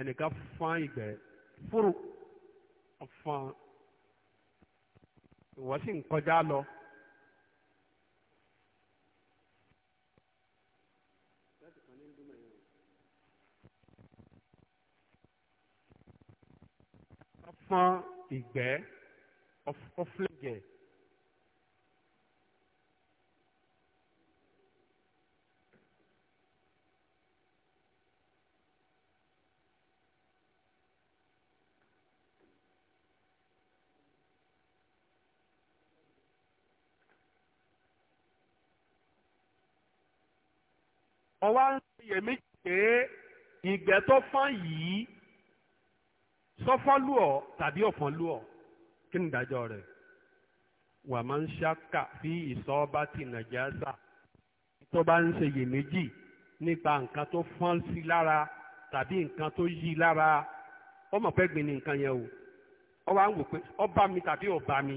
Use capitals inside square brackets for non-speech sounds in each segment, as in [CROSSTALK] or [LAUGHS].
ẹnìkan fán ìgbẹ́ fúrú fán ìwọ sì ń kọjá lọ. fán ìgbẹ́ ọ̀flẹ̀gẹ̀. ọwọ́ ń ṣiyè méjì pé ìgbẹ́ tó fọ́n yìí sọ́fọ́n lù ọ́ tàbí ọ̀fọ́n lù ọ́ kí ni ìdájọ́ rẹ̀ wà máa ń ṣáka fi ìsọ́ọ́bá ti nàjásà tó bá ń ṣiyè yèméjì nípa nǹkan tó fọ́n sí lára tàbí nǹkan tó yí lára ó mọ̀ pé gbìn ní nǹkan yẹn o ó wá ń wò pé ó bá mi tàbí ó bá mi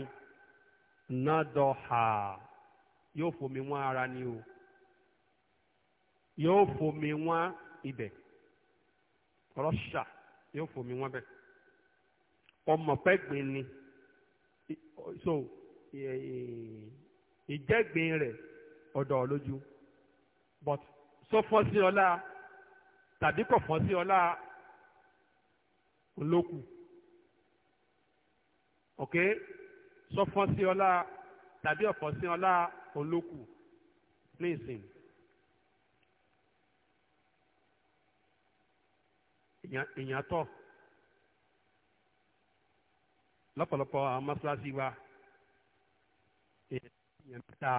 nádọ́ha yóò fomi wọ́n ara ni o. yóò fomi wọ́n ibẹ̀ rọ́ṣà yóò fomi wọ́n bẹ̀ ọmọ pẹ́gbin ni so ìjẹ́gbin rẹ̀ ọ̀dọ̀ lójú but so fọ́ sí ọlá tàbí kò fọ́ sí ọlá olókù ok so fọ́ sí ọlá tàbí ọ̀fọ́ sí ọlá olókù ní ìsìn. èèyàn tọ̀ lọ́pọ̀lọpọ̀ àwọn mọ́ṣáláṣí wa èèyàn mẹ́ta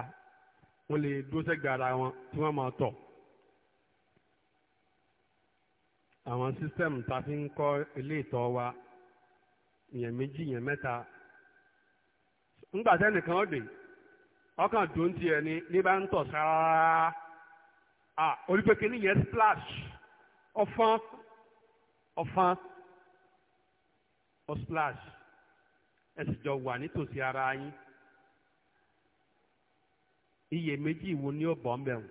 wọ́n lè dúró sẹ́gbẹ̀ẹ́ ara wọn tí wọ́n máa tọ̀ àwọn sísẹ́mù tá a fi ń kọ́ ilé ìtọ̀ wa èèyàn méjì èèyàn mẹ́ta ńgbà sẹ́nìkan ó dé ọkàn tó ń tiẹ̀ ni ní bá ń tọ̀ sáárá à orí pé kí ni yẹn splash ọ̀fọ́n ọ̀fán ọ̀splash ẹ sì jọ wà nítòsí ara yín iyèméjì wo ni ó bọ̀ ń bẹ̀rù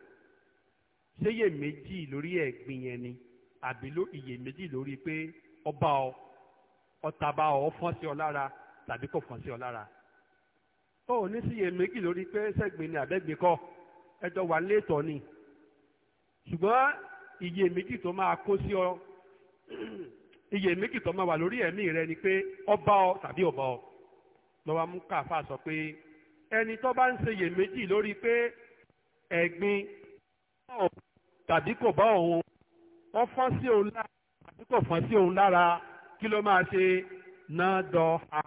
ṣé iyèméjì lórí ẹ̀gbin yẹn ni àbí iyèméjì lórí pé ọba ọ ọta bá ọ fọ́n sí ọ lára tàbí kò fọ́n sí ọ lára ó ní sí iyèméjì lórí pé sẹ́gbin ni àbẹ́gbin kọ́ ẹjọ́ wà létọ́ ni ṣùgbọ́n iyèméjì tó máa kó sí ọ [CLEARS THROAT] iye méjì tó máa wà lórí ẹ̀mí rẹ ni pé ọba ọ tàbí ọba ọ lọ́wọ́ mú káfá sọ pé ẹni tó bá ń ṣe iye méjì lórí pé ẹ̀gbin tàbí kò bá òun ọ fọ́n sí òun lára tàbí kò fọ́n sí òun lára kí ló máa ṣe náà dọ̀ ha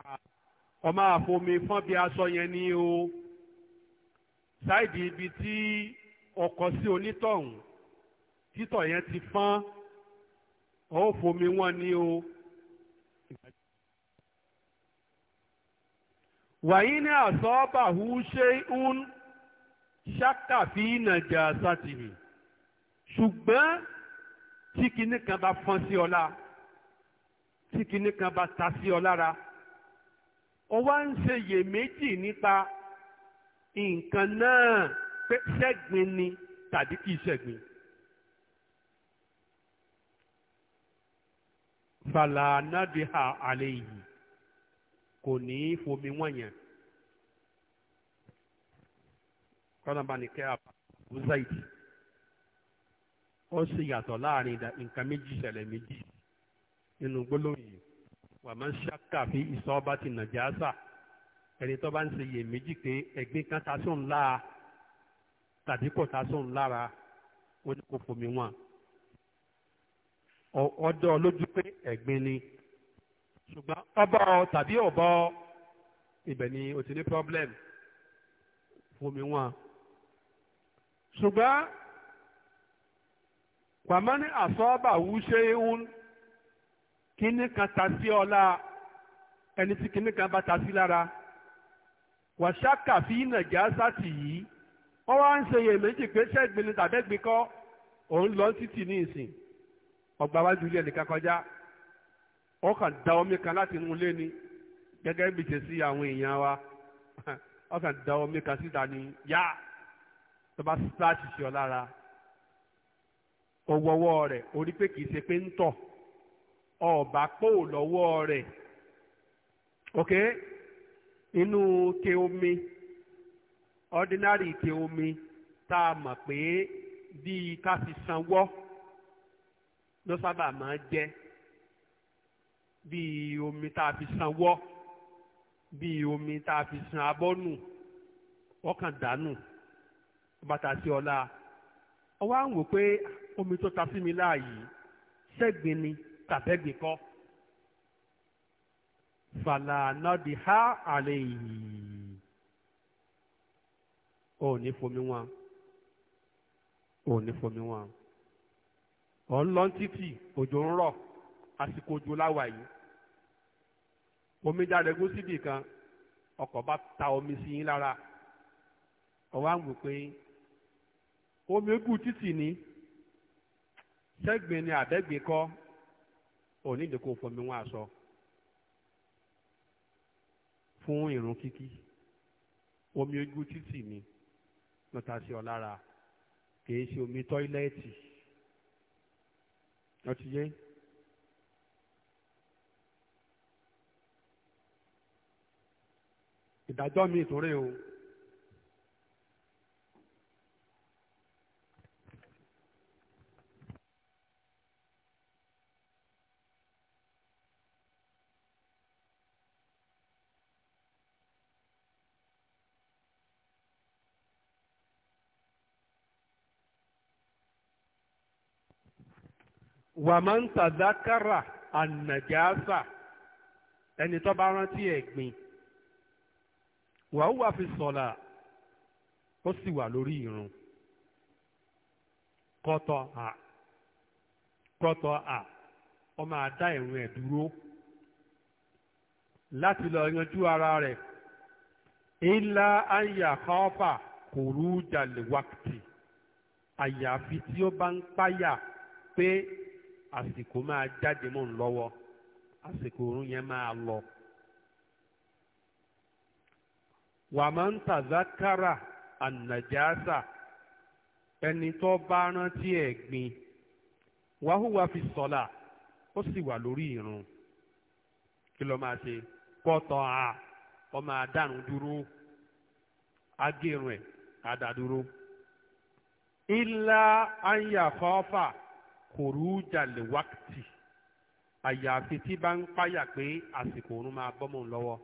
ọmọ àfomi fọ́n bí aṣọ yẹn ni o ṣáìdì ibi tí ọkọ̀ sí onítọ̀hún títọ̀ yẹn ti fọ́n ọ ò fomi wọn ni o. wàyí ní àsọ́ọ́bà hu ṣe ń ṣàkàfí nàjà sátìmì ṣùgbọ́n tí kinní kan bá fọ́n sí ọ la tí kinní kan bá ta sí ọ lára ó wá ń ṣe iyèméjì nípa nǹkan náà pé ni tàbí kìí ṣẹ́gbin. fàlà nàbìhà àlẹ́ yìí kò ní í fomi wọ́n yẹn kọ́nàbà ní kẹ́ àbú zaidi ó sì yàtọ̀ láàrin nǹkan méjì ṣẹlẹ̀ méjì nínú gbólóhùn yìí wà máa ń ṣàkà fi ìsọ́ọ́bá ti nàjàásà ẹni tó bá ń ṣe iyèméjì pé ẹ̀gbin kan ta sóun lára tàbí kò ta sóun lára ó ní kò fomi wọ́n ọjọ́ lójú pé ẹ̀gbin ni ṣùgbọ́n ọba ọ tàbí ọba ọ ni o ti ní problem fomi wọn. ṣùgbọ́n kwamani asọ́ọ́bà wú ṣe ń kíní kan ta sí ọlá ẹni tí kíní kan bá ta sí lára wàṣákà fi nàìjà sátì yìí wọ́n wá ń ṣe iyèméjì pé ṣẹ́gbin ni tàbẹ́gbin kọ́ òun lọ títì ní ìsìn. ọgbà wájú ilé ẹnìkan kọjá ó kàn da omi kan láti inú ilé ni gẹ́gẹ́ bí ṣe sí àwọn èèyàn wa ó [LAUGHS] kàn da omi kan síta ni yá tó bá splash sí ọ lára owówó rẹ̀ orí pé kìí ṣe pé ń tọ̀ pò rẹ̀ ok inú ke omi ordinary ke omi tá a mọ̀ pé bíi ká fi sanwó. ló sábà máa ń jẹ́ bíi omi tá a fi san wọ́ bíi omi tá a fi san abọ́ nù ọkàn dànù bàtà sí ọlá ọwọ́ à ń wò pé ah, omi tó ta sí mi láàyè sẹ́gbin ni tàbẹ́gbin kọ́ fàlànàdì ha àlẹ́ yìí ò fomi wọn ò fomi wọn ọ̀ ń lọ títì òjò ń rọ̀ àsìkò òjò láwà yìí omi dára egún síbì kan ọkọ̀ bá ta omi sí yín lára ọwọ́ àwọn pé omi egún títì ni sẹ́gbìn ni àbẹ́gbìn kọ́ òní ìdíkò fọmi wọn aṣọ fún ìrun kíkí omi egún títì ni lọ́ta sí ọ lára kì í ṣe omi tọ́ílẹ́ẹ̀tì ó ti yé. ìdájọ́ mi ìtúrẹ́ o. wàmán tàdákàrà ànàjáàsà ẹni tó bá rántí ẹ̀gbin wàá wà fi sọ̀là ó sì wà lórí irun kọ́tọ̀ à kọ́tọ̀ à ó máa dá ìrun ẹ̀ dúró láti lọ yanjú ara rẹ̀ ilá àyà kọ́fà kò rú jalè wákìtì àyàfi tí ó bá ń páyà pé àsìkò máa jáde mọ́ ń àsìkò oorun yẹn máa lọ. wàmọ́ ń tàzákàrà ànàjáàsà ẹni tó bá rántí ẹ̀gbin wàhùwà fi sọ̀là ó sì wà lórí irun. kí ló máa ṣe kọ́tọ̀ à ọ máa dànù dúró agérun ẹ̀ àdàdúró. ilá kòrújà lè wákìtì àyàfi tí bá ń páyà pé àsìkò òun máa bọ́mọ̀ lọ́wọ́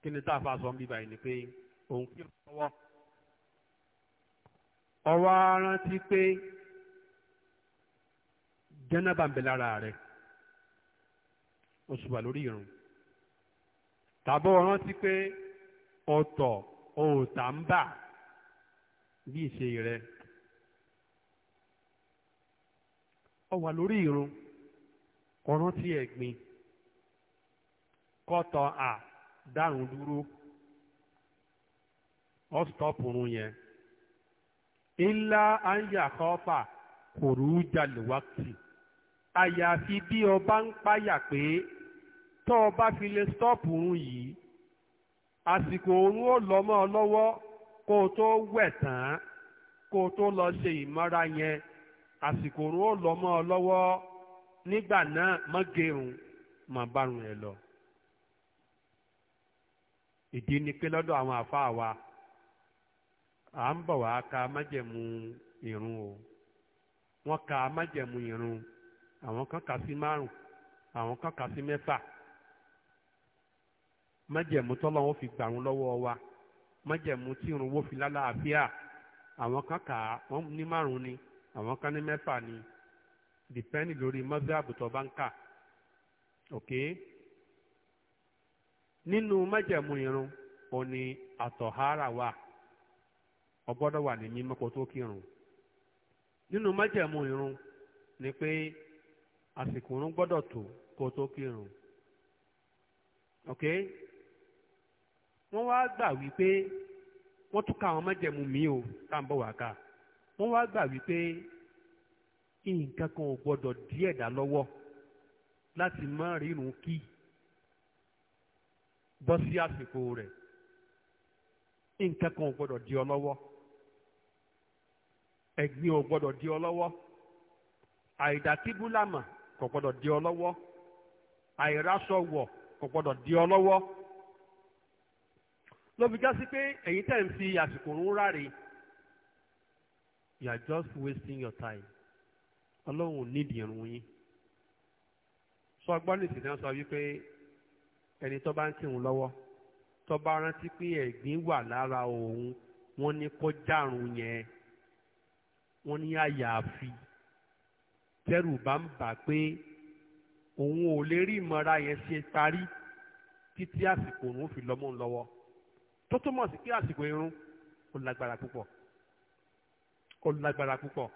kí ni táà fà sọ ń bíbá yìí ni pé òun kí lọ́wọ́ ọwọ́ arántí pé jẹ́nàbà ń bẹ lára rẹ̀ oṣù wà lórí irun tàbí ọwọ́ rántí pé ọ̀tọ̀ òòtà ń bà bí ìṣe rẹ̀. ọ wà lórí irun ọ̀ràn tí ẹ̀ gbin kọ́tọ̀ à dárùn dúró ọ stọ́pù run yẹn ńlá anya kọ́fà kòrú jalèwàkì àyàfi bí ọba ń páyà pé tọ́ ọba fi lè stọ́pù yìí àsìkò òun ó lọ mọ́ ọ lọ́wọ́ kó o tó wẹ̀ tán kó o tó lọ ṣe ìmọ́ra yẹn àsìkò òru ó lọ mọ́ ọ nígbà náà mọ́ gerun mà bárun ẹ̀ lọ. ìdí ni pé lọ́dọ̀ àwọn àfáà wa à ń bọ̀ wá ka májẹ̀mú o wọ́n ka májẹ̀mú ìrun àwọn kan kà sí márùn àwọn kan kà sí mẹ́fà májẹ̀mú wa májẹ̀mú tí irun wo fi lálàáfíà àwọn kan kà ni àwọn kan ní mẹ́fà ni dìpẹ́ndì lórí mọ́sáàbù tó bá ń kà ok nínú májẹ̀mú irun ò ní àtọ̀hárà wà ó gbọ́dọ̀ wà ní mímọ́ kó tó kírun nínú májẹ̀mú irun ni pé àsìkò irun gbọ́dọ̀ tó kó tó kírun ok wọ́n wá gbà wípé wọ́n tún ka àwọn májẹ̀mú mi ò tá à ń bọ̀ wá ká. wọ́n wá gbà wípé nǹkan kan ò gbọ́dọ̀ dí ẹ̀dá lọ́wọ́ láti má rírun kí bọ́ sí àsìkò rẹ̀ nǹkan kan ò gbọ́dọ̀ dí ọ lọ́wọ́ ẹ̀gbin ò gbọ́dọ̀ dí ọ lọ́wọ́ àìdákíbúlàmà kò gbọ́dọ̀ dí ọ lọ́wọ́ àìráṣọwọ̀ wọ̀ kò gbọ́dọ̀ dí ọ lọ́wọ́ ló já sí pé ẹ̀yin tẹ̀ ń fi àsìkò ń ráre. you are just wasting your time ọlọ́run ò nídìí irun yín sọ gbọ́dọ̀ ìsìnkú náà sọ wípé ẹni tó bá ń tìrun lọ́wọ́ tó bá rántí pé ẹ̀gbín wà lára òun wọ́n ní kó járun yẹn wọ́n ní àyàfi tẹ́rù bá ń bà pé òun ò lè rí ìmọ̀ra yẹn ṣe parí títí àsìkò òun fi lọ́mọ́ lọ́wọ́ tó túmọ̀ sí pé àsìkò irun ó lágbára púpọ̀ ó lágbára púpọ̀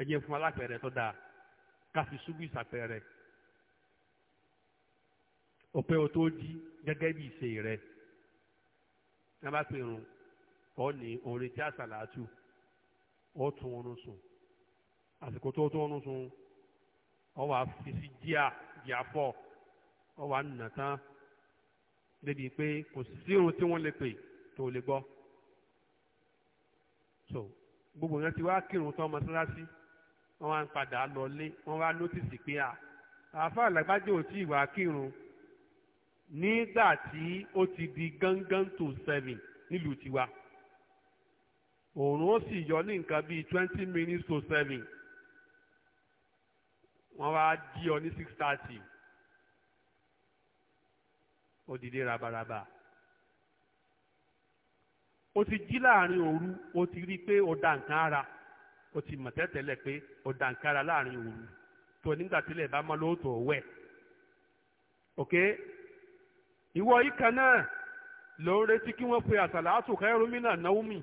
ẹ jẹ́ fún alápẹ̀rẹ̀ tó dáa ká fi ṣubú ìsàpẹ̀rẹ̀ òpè o tó di gẹ́gẹ́ bí ìṣe rẹ̀ ní a bá pè rún ọ ní orin tí a ṣàlàtù ó tún oorun sùn àsìkò tó tún oorun sùn ọ wà fi sí díà díà fọ ọ wà nà tán débi pé kò sí irun tí wọ́n lè pè tó lè gbọ́ so gbogbo yẹn ti wá kírun tán mọ́sálásí wọ́n wá ń padà lọlé wọ́n wá nótìsì pé à àáfàá làgbájọ ò tí ì wá kírun nígbà tí ó ti di gángan tó seven nílùú tiwa òòrùn ó sì yọ ní nǹkan bíi twenty minutes to seven wọ́n wá jí ọ ní six thirty ó dìde rabaraba. Raba o ti jí láàrin òru o ti rí i pé o da nǹkan ara o ti mọ̀ tẹ́tẹ́lẹ̀ pé o da nǹkan ara láàrin òru tó nígbà tílẹ̀ bá mọ́ lóòótọ́ wẹ̀ ok ìwọ yìí kan náà ló ń retí kí wọ́n pe àsàlátù kẹ́rù mí náà náwó mi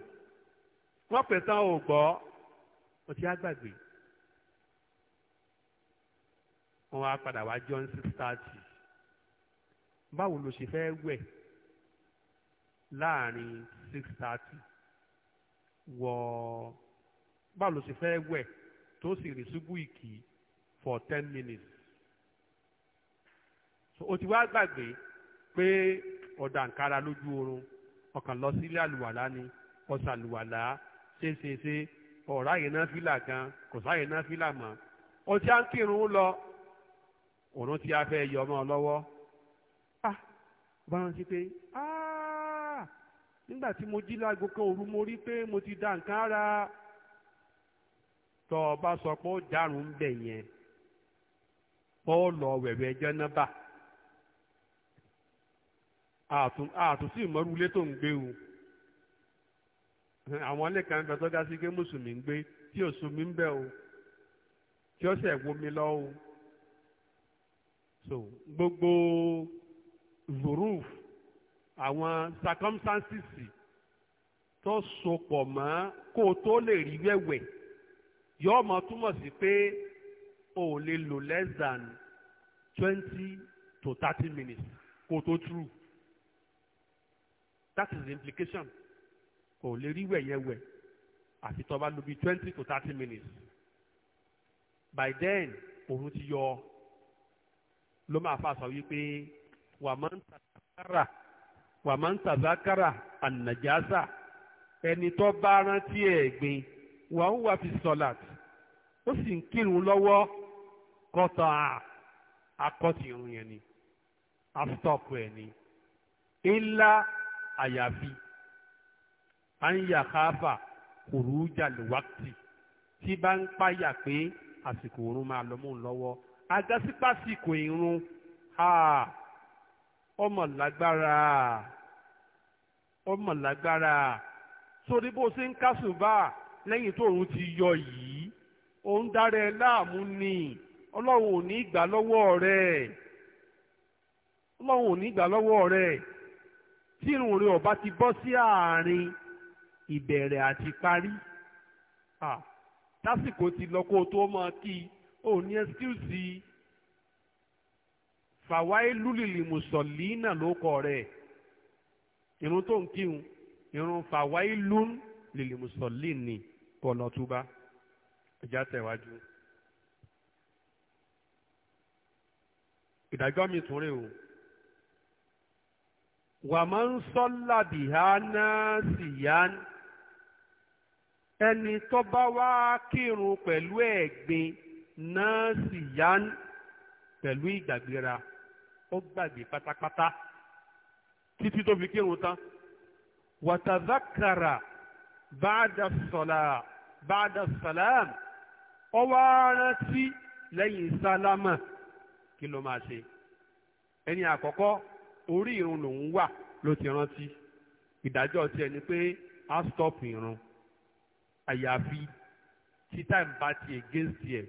wọ́n pè tán ò gbọ́ o ti á wọ́n á padà wá john six thirty báwo ló ṣe fẹ́ wẹ̀ láàrin six thirty wọ báwo ló ṣe fẹ́ wẹ̀ tó sì rí ṣubú ìkì for ten minutes so o ti wá gbàgbé pé ọ̀dà nkara lójú oorun ọkàn lọ sílé àlùwàlá ni ọ̀sà àlùwàlá ṣeéṣeéṣe ọ̀rá yẹn náà fìlà gan kò sáyẹn náà fìlà mọ́ ọtí à ń kírun lọ òun ti á fẹ́ yọ ọmọ lọ́wọ́ ah bá wọn ti pé ah nígbà tí mo jí láago kan òru mo rí pé mo ti da nǹkan ara tọ́ ọ bá sọ pé ó dàrún ń bẹ̀ yẹn pọ́ọ̀lù ọ̀wẹ̀wẹ̀ jẹ́nẹ́bà àtúntì ìmọ̀rúlé tó ń gbé o àwọn lẹ́ka ń bẹ tó sí pé mùsùlùmí ń gbé tí ò sùnmí ń bẹ o tí ó sẹ̀ wọmi lọ o so gbogbo zuruf àwọn circumstances tó sopọ̀ mọ́ kó o tó lè rí wẹ̀wẹ̀ yóò mọ túmọ̀ sí pé o ò lè lò less than twenty to thirty minutes kó o tó true that is the implication kò lè rí wẹ̀yẹ̀wẹ̀ àfi tó bá lò bí twenty to thirty minutes by then òun ti yọ ló máa fa sọ wípé wàmọ́ ń ta sára wàmán tàzákàrà ànàjásà ẹni tó bá rántí ẹ̀gbin wà ń wà fi sọ̀làt ó sì ń kírun lọ́wọ́ kọ́tà akọ́tì yẹn ni àfitọ́pù ẹ̀ ni ńlá àyàfi ànyàkáfà kùrújà lùwákìtì tí bá ń páyà pé àsìkò irun máa lọ́mú lọ́wọ́ agásípàsìkò irun háà. ọmọ lágbára ọmọ lágbára sórí bó ṣe ń kásùbà lẹ́yìn tóòrùn ti yọ yìí ó ń dára ẹ láàmú ni ọlọ́run ò ní gbà lọ́wọ́ rẹ ọlọ́run ò ní gbà lọ́wọ́ rẹ tí irun rẹ ọba ti bọ́ sí àárín ìbẹ̀rẹ̀ àti parí tásìkò ti lọ kó o tó máa kí o ní ẹ́síkúùsì. fàwáyé lùlìlì mùsọ̀lì náà ló kọ rẹ̀ irun tó ń kírun irun fàwáyé lùn lìlì mùsọ̀lì ni kọ̀nà túbá ìjà tẹ̀wájú. ìdájọ́ mi tún rè o wà máa ń sọ́lá bìhá náà sì yá ẹni tó bá wá kírun pẹ̀lú ẹ̀gbin náà sì yá pẹ̀lú ìgbàgbéra ó gbàgbé pátápátá títí tó fi kírun tán wàtàzákàrà báàdà sọlá báàdà sàlám ó wá rántí lẹ́yìn sálámà kí ló máa ṣe ẹni àkọ́kọ́ orí irun lòún wà ló ti rántí ìdájọ́ tiẹ̀ ni pé á stop irun àyàfi tí time bá ti against ẹ̀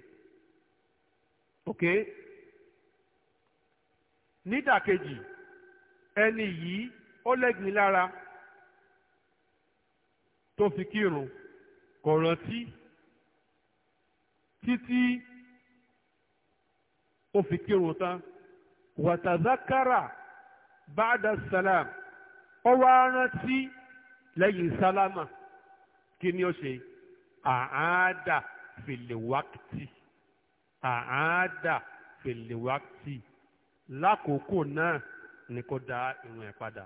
ok nídàkejì ẹni yìí ó lẹ́gbìn lára tó fi kírun kò rántí títí ó fi kírun tán wàtàzákàrà bàdà sàlám ó wá rántí lẹ́yìn sálámà kí ni ó ṣe àádà fìlèwákìtì àádà fìlèwákìtì lákòókò náà ni kó dá irun ẹ̀ padà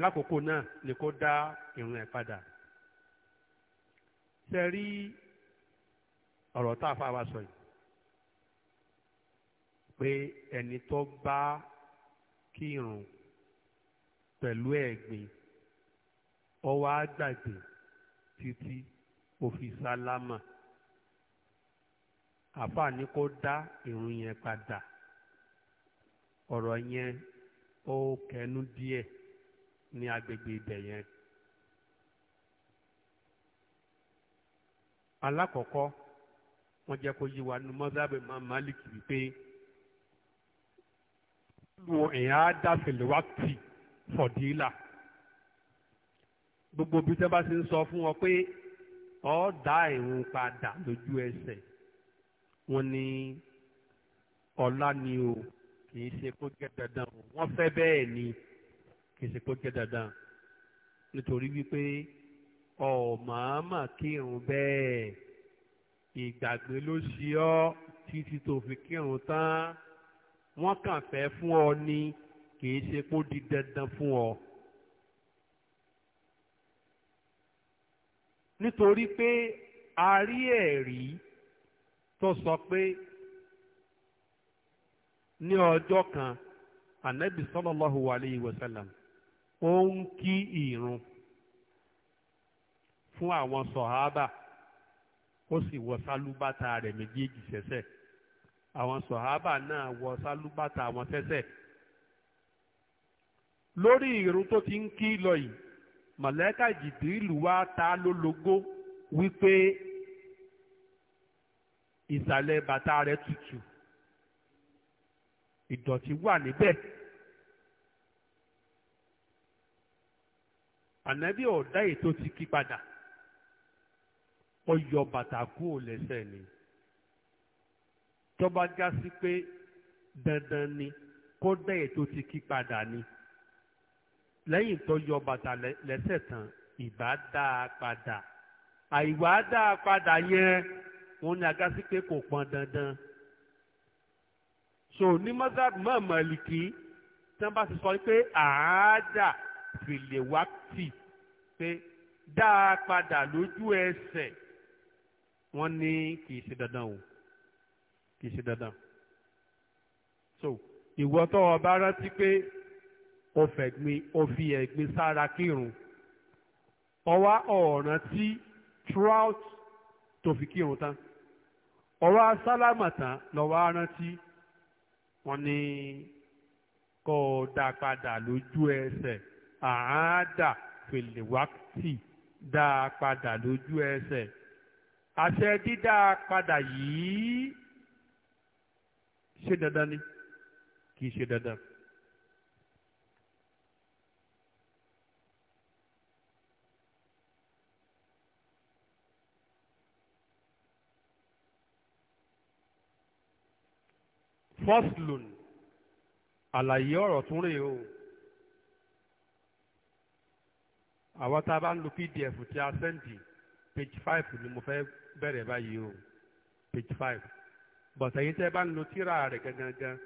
lákòókò náà ni kó dá irun ẹ̀ padà ṣe rí ọ̀rọ̀ tá a fa wa sọ yìí pé ẹni tó bá kírun pẹ̀lú ẹ̀gbin ó wá títí ó àfáà ni kó dá irun yẹn padà ọ̀rọ̀ yẹn ó kẹnu díẹ̀ ní agbègbè ibẹ̀ yẹn. alákọ̀ọ́kọ́ wọ́n jẹ́ kó yí wa nu mọ́sáàbẹ̀ máa Malik wípé wọn èèyàn á dá fèlèwátì fọ̀dílà gbogbo bí tẹ́ bá ti ń sọ fún ọ pé ọ̀ dá ìrun padà lójú ẹsẹ̀ wọ́n ní ọlá ni o kì í ṣe kó jẹ́ dandan o wọ́n fẹ́ bẹ́ẹ̀ ni kì í ṣe kó jẹ́ dandan nítorí wípé ọ̀màmà kírun bẹ́ẹ̀ ìgbàgbé ló ṣe ọ́ títí tó fi kírun tán wọ́n kàn fẹ́ fún ọ ni kì í ṣe kó di dandan fún ọ. nítorí pé a rí ẹ̀rí. tó sọ pé ní ọjọ́ kan anabi sallallahu alayhi wa sallam ó ń kí irun fún àwọn sọ̀hábà ó sì wọ sálúbàtà rẹ̀ méjèèjì sẹ́sẹ̀ àwọn sọ̀hábà náà wọ sálúbàtà wọn sẹ́sẹ̀ lórí irun tó ti ń kí lọ yìí màlẹ́kà jìbìrìlù wá ta lólogó wípé ìsàlẹ̀ bàtà rẹ̀ tutù ìdọ̀tí wà níbẹ̀. ànábì ọ̀dá ètò ti kí padà ó yọ bàtà kúrò lẹ́sẹ̀ ni tó bá já sí pé dandan ni kó dá ètò ti kí padà ni lẹ́yìn tó yọ bàtà lẹ́sẹ̀ tán ìbá dáa padà àìwá dáa padà yẹn òun ni àga sí pé kò pọn dandan so ní mazhab mọ̀mọ́lìkì tí wọ́n bá ti sọ pé àádà fìlè wá tì pé dá a padà lójú ẹsẹ̀ wọ́n ní kì í ṣe dandan o kì í ṣe dandan so ìwọ tó o bá rántí pé o fẹ̀gbin o fi ẹ̀gbin sára kírun ọwá ọ̀ràn tí throughout tó fi kírun tán ọ̀rọ̀ asálámà tán lọ́wọ́ arántí wọn ni kó o dá padà lójú ẹsẹ̀ àádà fèlè wákìtì dá a padà lójú ẹsẹ̀ àṣẹ dídá a padà yìí ṣe dandan ni kì í ṣe dandan fọ́sùlùn àlàyé ọ̀rọ̀ tún rèé o àwọn tá a bá ń lo pdf tí a sẹ́ǹdì page five ni mo fẹ́ bẹ̀rẹ̀ báyìí o page five bọ̀tà yìí tẹ́ bá ń lo tíra rẹ̀ gangan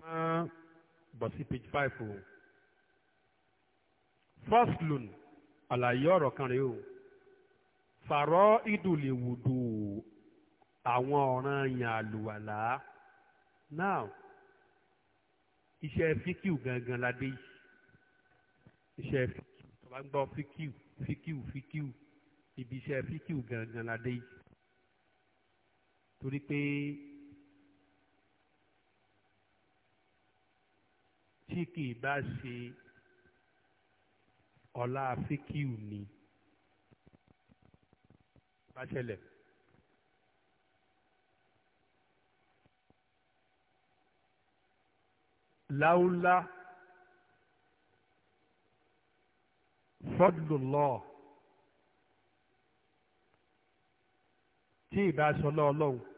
máa bọ̀ sí page five o fọ́sùlùn àlàyé ọ̀rọ̀ kan rèé o fàrọ̀ ìdùlẹ̀ wùdù àwọn ọ̀ràn yàn àlùwàlà now iṣẹ́ fíkìú gangan la dé yìí iṣẹ́ fíkìú tó bá ń gbọ́ fíkìú fíkìú fíkìú ibi iṣẹ́ fíkìú gangan la dé yìí torí pé tí kì í bá ṣe ọlá fíkìú ni bá ṣẹlẹ̀. láúlá fadlullah tí ìbá sọ lọ́ọ̀lọ́hùn